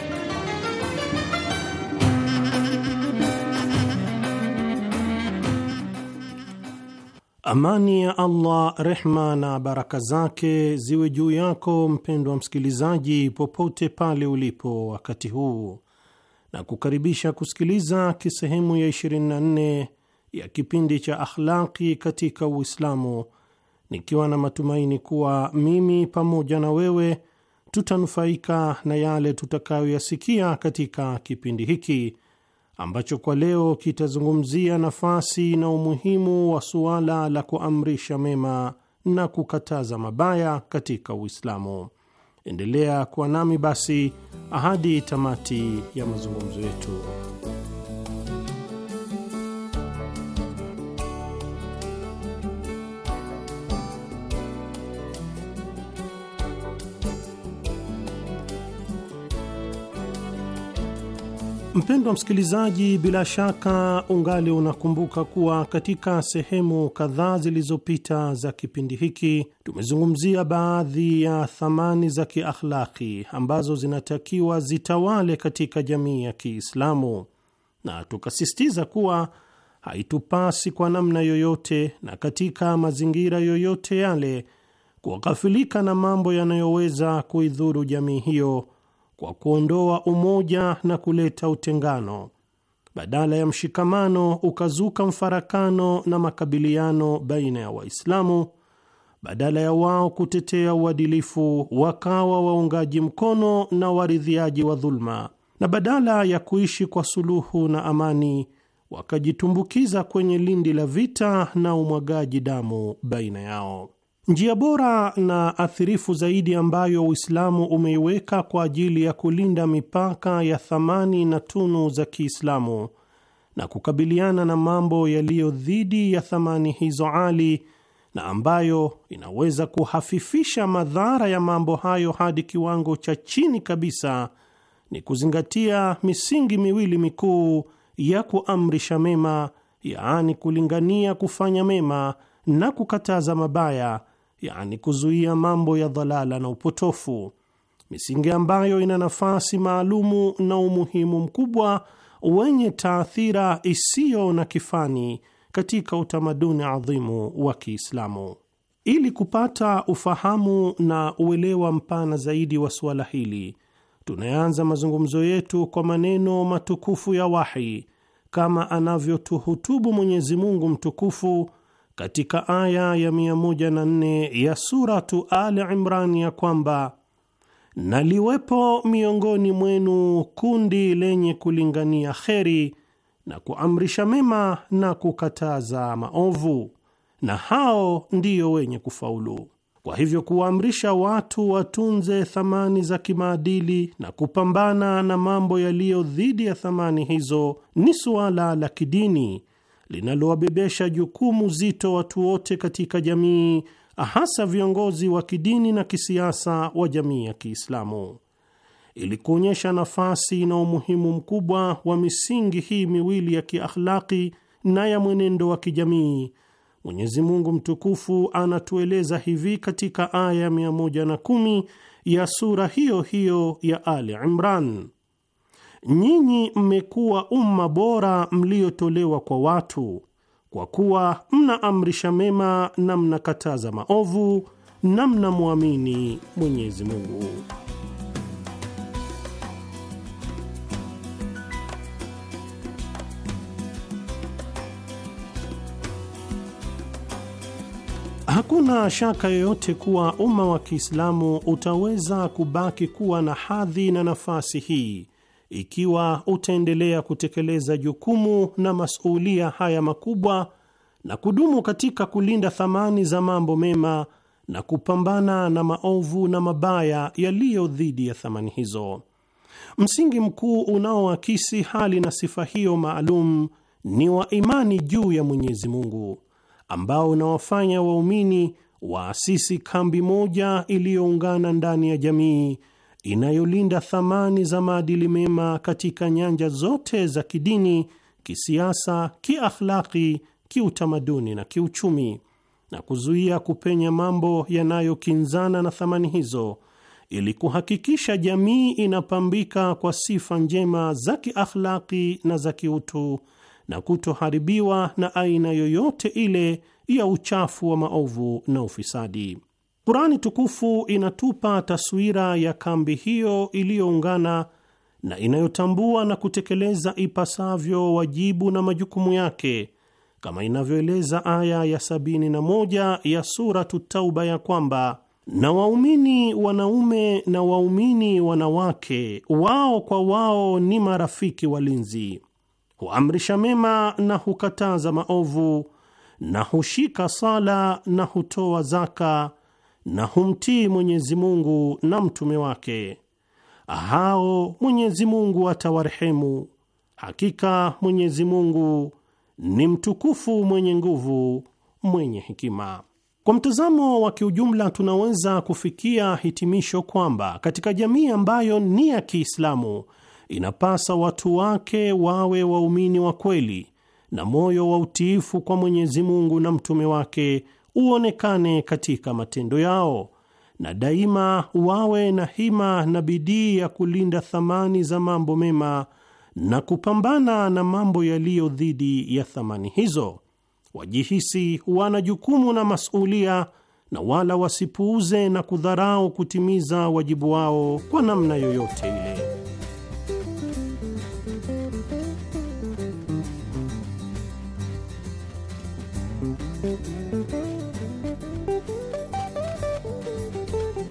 Amani ya Allah, rehma na baraka zake ziwe juu yako mpendwa msikilizaji, popote pale ulipo wakati huu, na kukaribisha kusikiliza kisehemu ya 24 ya kipindi cha akhlaqi katika Uislamu, nikiwa na matumaini kuwa mimi pamoja na wewe tutanufaika na yale tutakayoyasikia katika kipindi hiki ambacho kwa leo kitazungumzia nafasi na umuhimu wa suala la kuamrisha mema na kukataza mabaya katika Uislamu. Endelea kuwa nami basi ahadi tamati ya mazungumzo yetu. Mpendwa msikilizaji, bila shaka ungali unakumbuka kuwa katika sehemu kadhaa zilizopita za kipindi hiki tumezungumzia baadhi ya thamani za kiakhlaki ambazo zinatakiwa zitawale katika jamii ya Kiislamu, na tukasisitiza kuwa haitupasi kwa namna yoyote na katika mazingira yoyote yale kughafilika na mambo yanayoweza kuidhuru jamii hiyo kwa kuondoa umoja na kuleta utengano. Badala ya mshikamano, ukazuka mfarakano na makabiliano baina ya Waislamu. Badala ya wao kutetea uadilifu, wakawa waungaji mkono na waridhiaji wa dhuluma, na badala ya kuishi kwa suluhu na amani, wakajitumbukiza kwenye lindi la vita na umwagaji damu baina yao. Njia bora na athirifu zaidi ambayo Uislamu umeiweka kwa ajili ya kulinda mipaka ya thamani na tunu za Kiislamu na kukabiliana na mambo yaliyo dhidi ya thamani hizo ali na ambayo inaweza kuhafifisha madhara ya mambo hayo hadi kiwango cha chini kabisa ni kuzingatia misingi miwili mikuu ya kuamrisha mema, yaani kulingania kufanya mema na kukataza mabaya yani kuzuia mambo ya dhalala na upotofu, misingi ambayo ina nafasi maalumu na umuhimu mkubwa wenye taathira isiyo na kifani katika utamaduni adhimu wa Kiislamu. Ili kupata ufahamu na uelewa mpana zaidi wa suala hili, tunaanza mazungumzo yetu kwa maneno matukufu ya wahi kama anavyotuhutubu Mwenyezi Mungu mtukufu katika aya ya 104 ya Suratu Al Imran ya kwamba naliwepo miongoni mwenu kundi lenye kulingania kheri na kuamrisha mema na kukataza maovu, na hao ndiyo wenye kufaulu. Kwa hivyo kuwaamrisha watu watunze thamani za kimaadili na kupambana na mambo yaliyo dhidi ya thamani hizo ni suala la kidini linalowabebesha jukumu zito watu wote katika jamii, hasa viongozi wa kidini na kisiasa wa jamii ya Kiislamu. Ili kuonyesha nafasi na umuhimu mkubwa wa misingi hii miwili ya kiakhlaki na ya mwenendo wa kijamii, Mwenyezi Mungu mtukufu anatueleza hivi katika aya 110 ya sura hiyo hiyo ya Ali Imran: nyinyi mmekuwa umma bora mliotolewa kwa watu, kwa kuwa mnaamrisha mema na mnakataza maovu na mnamwamini Mwenyezi Mungu. Hakuna shaka yoyote kuwa umma wa Kiislamu utaweza kubaki kuwa na hadhi na nafasi hii ikiwa utaendelea kutekeleza jukumu na masuulia haya makubwa na kudumu katika kulinda thamani za mambo mema na kupambana na maovu na mabaya yaliyo dhidi ya thamani hizo. Msingi mkuu unaoakisi hali na sifa hiyo maalum ni wa imani juu ya Mwenyezi Mungu ambao unawafanya waumini waasisi kambi moja iliyoungana ndani ya jamii inayolinda thamani za maadili mema katika nyanja zote za kidini, kisiasa, kiakhlaki, kiutamaduni na kiuchumi, na kuzuia kupenya mambo yanayokinzana na thamani hizo ili kuhakikisha jamii inapambika kwa sifa njema za kiakhlaki na za kiutu na kutoharibiwa na aina yoyote ile ya uchafu wa maovu na ufisadi. Kurani tukufu inatupa taswira ya kambi hiyo iliyoungana na inayotambua na kutekeleza ipasavyo wajibu na majukumu yake, kama inavyoeleza aya ya sabini na moja ya Suratu Tauba ya kwamba na waumini wanaume na waumini wanawake wao kwa wao ni marafiki walinzi, huamrisha mema na hukataza maovu, na hushika sala na hutoa zaka na humtii Mwenyezi Mungu na mtume wake, hao Mwenyezi Mungu atawarehemu. Hakika Mwenyezi Mungu ni mtukufu, mwenye nguvu, mwenye hekima. Kwa mtazamo wa kiujumla, tunaweza kufikia hitimisho kwamba katika jamii ambayo ni ya Kiislamu inapasa watu wake wawe waumini wa kweli na moyo wa utiifu kwa Mwenyezi Mungu na mtume wake uonekane katika matendo yao, na daima wawe na hima na bidii ya kulinda thamani za mambo mema na kupambana na mambo yaliyo dhidi ya thamani hizo. Wajihisi wana jukumu na masulia, na wala wasipuuze na kudharau kutimiza wajibu wao kwa namna yoyote ile.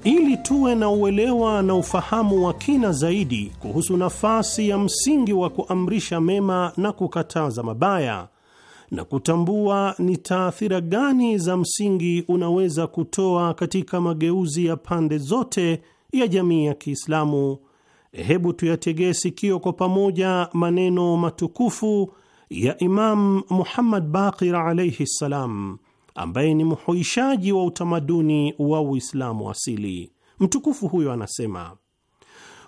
ili tuwe na uelewa na ufahamu wa kina zaidi kuhusu nafasi ya msingi wa kuamrisha mema na kukataza mabaya na kutambua ni taathira gani za msingi unaweza kutoa katika mageuzi ya pande zote ya jamii ya Kiislamu, hebu tuyategee sikio kwa pamoja maneno matukufu ya Imam Muhammad Baqir alaihi ssalam ambaye ni mhuishaji wa utamaduni wa Uislamu asili. Mtukufu huyo anasema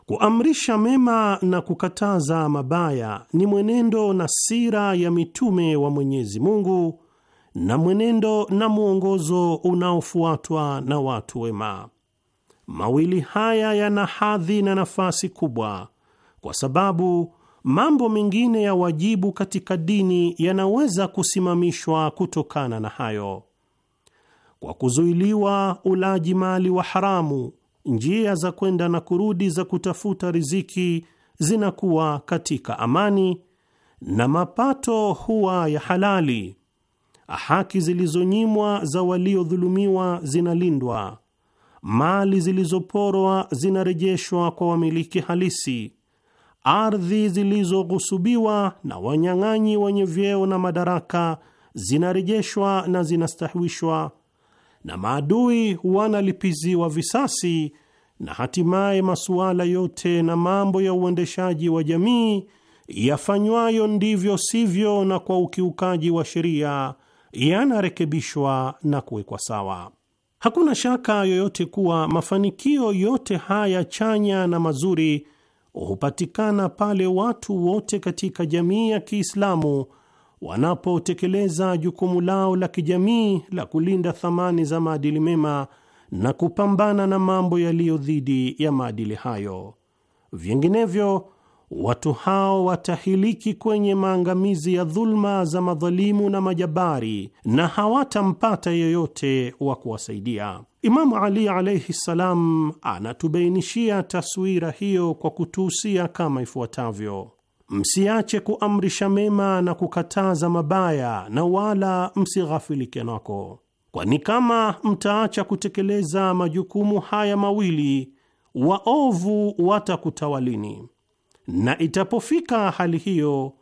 kuamrisha mema na kukataza mabaya ni mwenendo na sira ya mitume wa Mwenyezi Mungu na mwenendo na mwongozo unaofuatwa na watu wema. Mawili haya yana hadhi na nafasi kubwa, kwa sababu mambo mengine ya wajibu katika dini yanaweza kusimamishwa kutokana na hayo, kwa kuzuiliwa ulaji mali wa haramu. Njia za kwenda na kurudi za kutafuta riziki zinakuwa katika amani na mapato huwa ya halali. Haki zilizonyimwa za waliodhulumiwa zinalindwa, mali zilizoporwa zinarejeshwa kwa wamiliki halisi, ardhi zilizoghusubiwa na wanyang'anyi wenye vyeo na madaraka zinarejeshwa na zinastahwishwa, na maadui wanalipiziwa visasi, na hatimaye masuala yote na mambo ya uendeshaji wa jamii yafanywayo ndivyo sivyo na kwa ukiukaji wa sheria yanarekebishwa na kuwekwa sawa. Hakuna shaka yoyote kuwa mafanikio yote haya chanya na mazuri hupatikana pale watu wote katika jamii ya Kiislamu wanapotekeleza jukumu lao la kijamii la kulinda thamani za maadili mema na kupambana na mambo yaliyo dhidi ya maadili hayo. Vinginevyo watu hao watahiliki kwenye maangamizi ya dhulma za madhalimu na majabari na hawatampata yeyote wa kuwasaidia. Imamu Ali alaihi ssalam anatubainishia taswira hiyo kwa kutuhusia kama ifuatavyo: msiache kuamrisha mema na kukataza mabaya, na wala msighafilike nako, kwani kama mtaacha kutekeleza majukumu haya mawili, waovu watakutawalini na itapofika hali hiyo,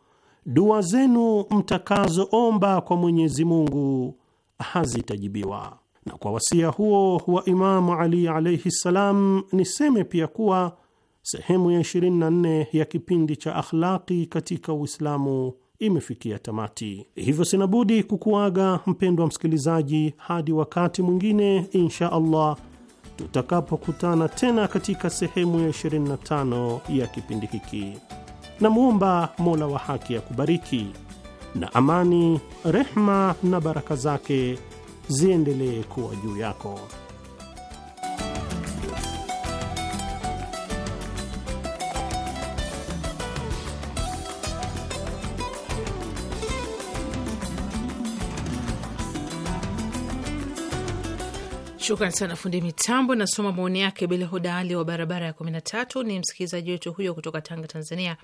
dua zenu mtakazoomba kwa Mwenyezi Mungu hazitajibiwa. Na kwa wasia huo wa Imamu Ali alaihi ssalam, niseme pia kuwa sehemu ya 24 ya kipindi cha akhlaqi katika Uislamu imefikia tamati. Hivyo sinabudi kukuaga mpendwa msikilizaji, hadi wakati mwingine insha Allah tutakapokutana tena katika sehemu ya 25 ya kipindi hiki. Namwomba Mola wa haki akubariki na amani, rehma na baraka zake ziendelee kuwa juu yako. Shukran sana fundi mitambo. Nasoma maoni yake Bila Huda Ali wa barabara ya kumi na tatu, ni msikilizaji wetu huyo kutoka Tanga, Tanzania.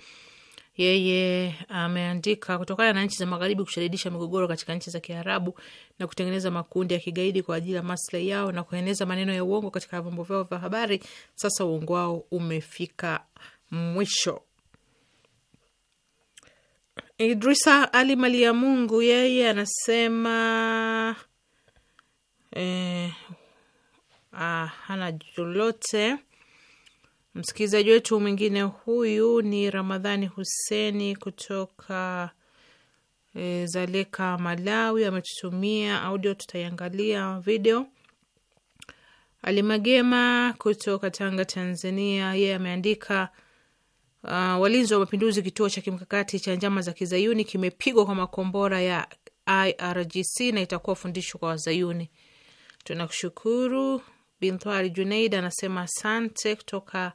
Yeye ameandika kutokana na nchi za magharibi kushadidisha migogoro katika nchi za Kiarabu na kutengeneza makundi ya kigaidi kwa ajili ya maslahi yao na kueneza maneno ya uongo katika vyombo vyao vya habari. Sasa uongo wao umefika mwisho. Idrisa Ali Mali ya Mungu yeye anasema eh, Ah, hana lolote. Msikilizaji wetu mwingine huyu ni Ramadhani Huseni kutoka e, Zaleka, Malawi. Ametutumia audio, tutaiangalia video. Alimagema kutoka Tanga, Tanzania, yeye ameandika uh, walinzi wa mapinduzi, kituo cha kimkakati cha njama za kizayuni kimepigwa kwa makombora ya IRGC na itakuwa fundisho kwa Wazayuni. Tunakushukuru Binthwari Junaid anasema asante kutoka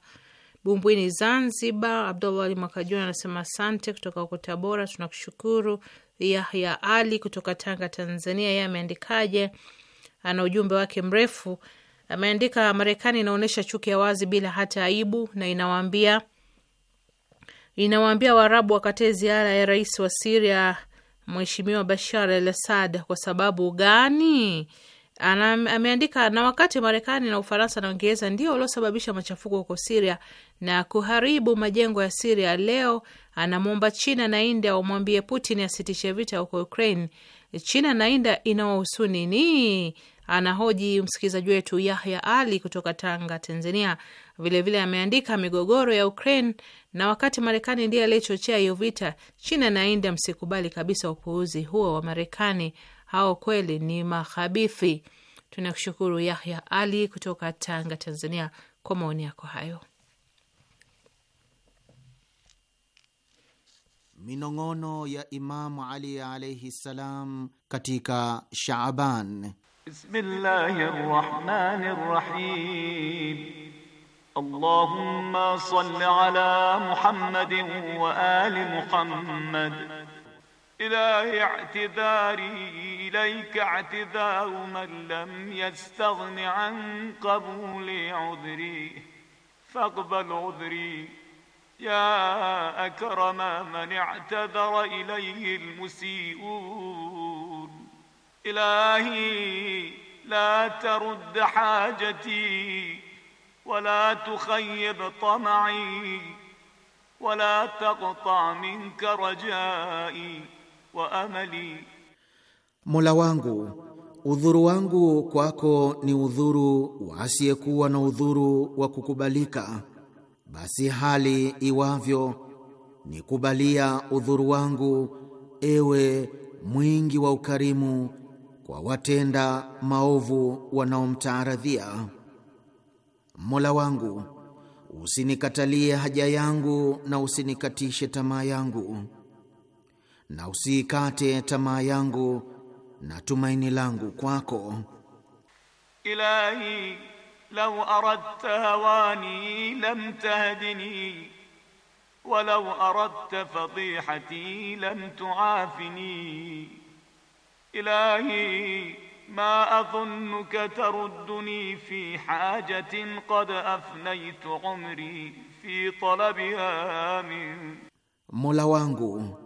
Bumbwini, Zanzibar. Abdullah Ali Mwakajuna anasema asante kutoka huko Tabora, tunakushukuru. Yahya Ali kutoka Tanga, Tanzania, yeye ameandikaje? Ana ujumbe wake mrefu, ameandika Marekani inaonyesha chuki ya wazi bila hata aibu, na inawaambia inawaambia Waarabu wakatee ziara ya rais wa Siria Mheshimiwa Bashar al Assad. Kwa sababu gani? Ana, ameandika na wakati Marekani na Ufaransa na Uingereza ndio waliosababisha machafuko huko Siria na kuharibu majengo ya Siria, leo anamwomba China na India wamwambie Putin asitishe vita huko Ukraine. China na India inawahusu nini? Anahoji msikilizaji wetu Yahya Ali kutoka Tanga, Tanzania. Vilevile vile ameandika migogoro ya Ukraine, na wakati Marekani ndiye aliyechochea hiyo vita, China na India msikubali kabisa upuuzi huo wa Marekani hao kweli ni makhabithi. Tunakushukuru Yahya Ali kutoka Tanga, Tanzania, kwa maoni yako hayo. Minong'ono ya Imamu Ali alaihi salam katika Shaaban. rahim. Allahumma salli ala Muhammadin wa ali Muhammad. Ilahi إليك اعتذار من لم يستغن عن قبول عذري فاقبل عذري يا أكرم من اعتذر إليه المسيئون إلهي لا ترد حاجتي ولا تخيب طمعي ولا تقطع منك رجائي وأملي Mola wangu, udhuru wangu kwako ni udhuru wa asiyekuwa na udhuru wa kukubalika, basi hali iwavyo nikubalia udhuru wangu, ewe mwingi wa ukarimu kwa watenda maovu wanaomtaaradhia. Mola wangu, usinikatalie haja yangu na usinikatishe tamaa yangu, na usiikate tamaa yangu na tumaini langu kwako. Ilahi law aradta hawani lam tahdini walau aradta fadihati lam tuafini ilahi ma adhunnuka tarudduni fi hajatin qad afnaytu umri fi talabiha min Mola wangu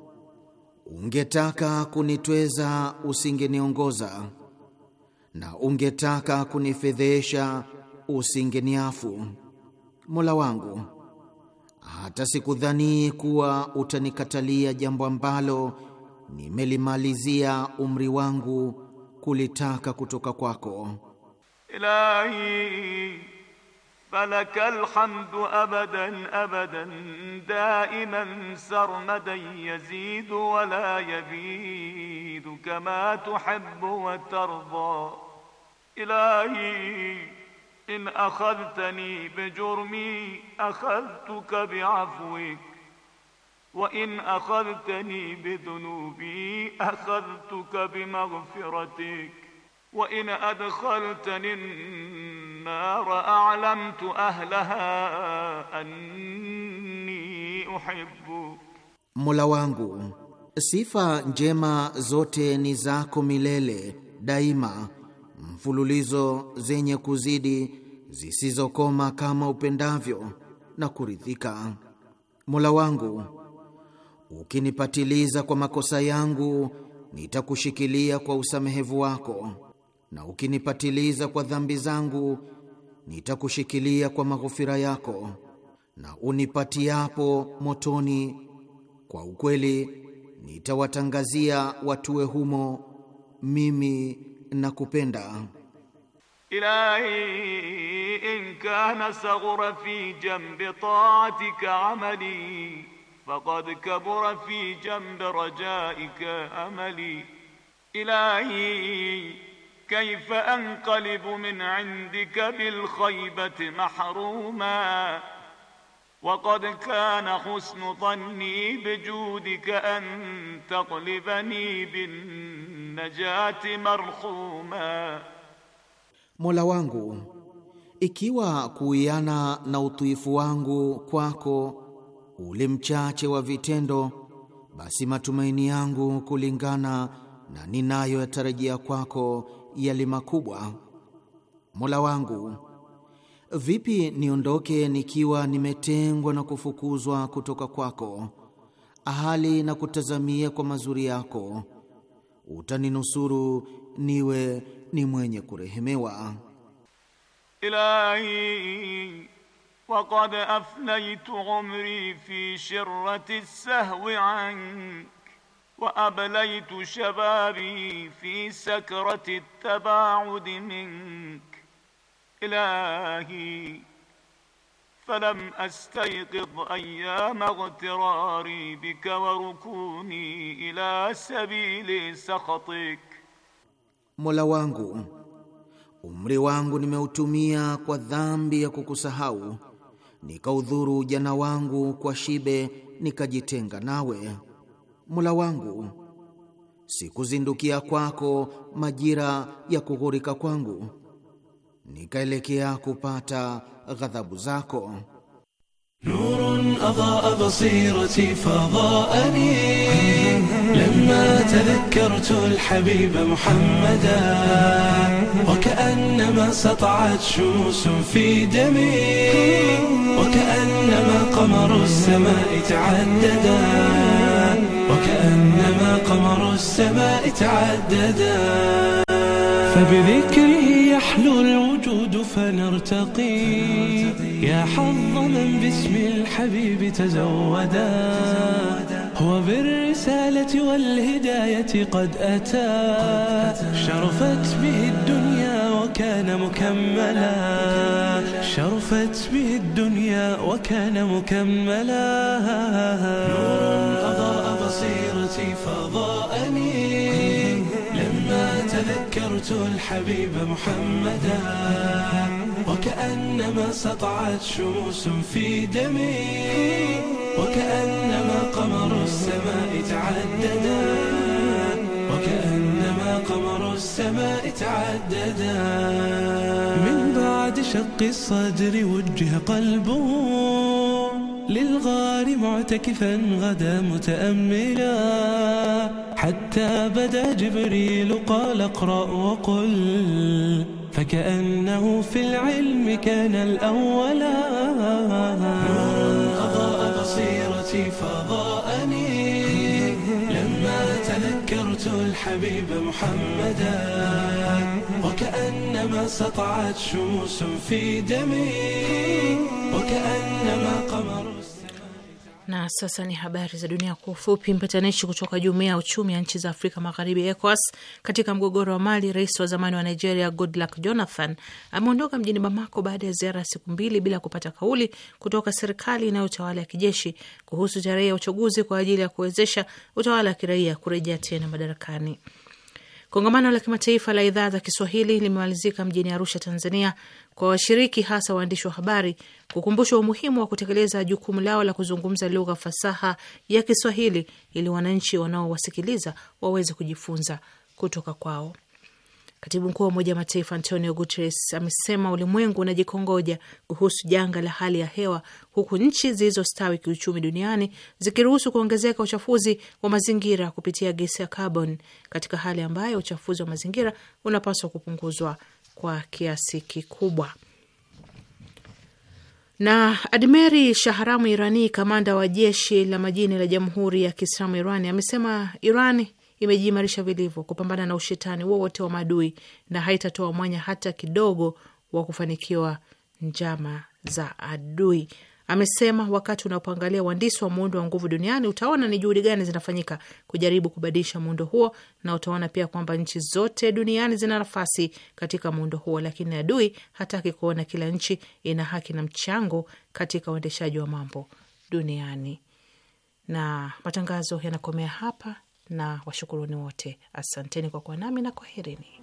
Ungetaka kunitweza usingeniongoza, na ungetaka kunifedhesha usingeniafu. Mola wangu, hata sikudhani kuwa utanikatalia jambo ambalo nimelimalizia umri wangu kulitaka kutoka kwako. Ilahi فلك الحمد أبدا أبدا دائما سرمدا يزيد ولا يبيد كما تحب وترضى إلهي إن أخذتني بجرمي أخذتك بعفوك وإن أخذتني بذنوبي أخذتك بمغفرتك wa in adkhaltani nara a'lamtu ahlaha anni uhibbu, Mola wangu sifa njema zote ni zako milele daima, mfululizo zenye kuzidi zisizokoma kama upendavyo na kuridhika. Mola wangu, ukinipatiliza kwa makosa yangu, nitakushikilia kwa usamehevu wako na ukinipatiliza kwa dhambi zangu nitakushikilia kwa maghufira yako, na unipatiapo motoni kwa ukweli nitawatangazia watuwe humo, mimi na kupenda. Ilahi in kana saghura fi jambi taatika amali faqad kabura fi jambi rajaika amali ilahi kaifa anqalibu min indika bilkhaybati mahruma waqad kana husnu dhanni bijudika an taqlibani binnajati marhuma, Mola wangu, ikiwa kuiana na utuifu wangu kwako ule mchache wa vitendo, basi matumaini yangu kulingana na ninayo yatarajia kwako yale makubwa. Mola wangu, vipi niondoke nikiwa nimetengwa na kufukuzwa kutoka kwako, ahali na kutazamia kwa mazuri yako. Utaninusuru niwe ni mwenye kurehemewa. Ilahi waqad afnaytu umri fi shirati sahwi an wa ablaytu shababi fi sakrati tabaudi mink ilahi falam astayqid ayyama ightirari bika wa rukuni ila sabili sakhatik, Mola wangu umri wangu nimeutumia kwa dhambi ya kukusahau, nikaudhuru jana wangu kwa shibe, nikajitenga nawe Mola wangu, sikuzindukia kwako majira ya kughurika kwangu, nikaelekea kupata ghadhabu zako. Nurun adhaa basirati fadhaani lamma tadhakkartu alhabiba Muhammadan وكأنما سطعت شموس في دمي وكأنما قمر السماء تعددا إنما قمر السماء تعددا فبذكره يحلو الوجود فنرتقي يا حظ من باسم الحبيب تزودا هو بالرسالة والهداية قد أتى شرفت به الدنيا وكان مكملا شرفت به الدنيا وكان مكملا نور أضاء بصيرا فضاءني لما تذكرت الحبيب محمدا وكأنما سطعت شموس في دمي وكأنما قمر السماء تعددا وكأنما قمر السماء تعددا من بعد شق الصدر وجه قلبه للغار معتكفا غدا متأملا حتى بدا جبريل قال اقرأ وقل فكأنه في العلم كان الأولا نور أضاء بصيرتي فضاءني لما تذكرت الحبيب محمدا وكأنما سطعت شموس في دمي وكأنما قمر Na sasa ni habari za dunia kwa ufupi. Mpatanishi kutoka jumuiya ya uchumi ya nchi za Afrika Magharibi, ECOWAS, katika mgogoro wa Mali, rais wa zamani wa Nigeria Goodluck Jonathan ameondoka mjini Bamako baada ya ziara ya siku mbili bila kupata kauli kutoka serikali inayotawala ya kijeshi kuhusu tarehe ya uchaguzi kwa ajili ya kuwezesha utawala wa kiraia kurejea tena madarakani. Kongamano la kimataifa la idhaa za Kiswahili limemalizika mjini Arusha, Tanzania, kwa washiriki hasa waandishi wa habari kukumbushwa umuhimu wa kutekeleza jukumu lao la kuzungumza lugha fasaha ya Kiswahili ili wananchi wanaowasikiliza waweze kujifunza kutoka kwao. Katibu mkuu wa Umoja wa Mataifa Antonio Guterres amesema ulimwengu unajikongoja kuhusu janga la hali ya hewa, huku nchi zilizostawi kiuchumi duniani zikiruhusu kuongezeka uchafuzi wa mazingira kupitia gesi ya carbon, katika hali ambayo uchafuzi wa mazingira unapaswa kupunguzwa kwa kiasi kikubwa. Na Admeri Shaharamu Irani, kamanda wa jeshi la majini la Jamhuri ya Kiislamu Irani, amesema Irani imejiimarisha vilivyo kupambana na ushetani wowote wa maadui na haitatoa mwanya hata kidogo wa kufanikiwa njama za adui. Amesema wakati unapoangalia uandisi wa muundo wa nguvu duniani utaona ni juhudi gani zinafanyika kujaribu kubadilisha muundo huo, na utaona pia kwamba nchi zote duniani zina nafasi katika muundo huo, lakini adui hataki kuona kila nchi ina haki na mchango katika uendeshaji wa mambo duniani. Na matangazo yanakomea hapa na washukuruni wote. Asanteni kwa kuwa nami na kwaherini.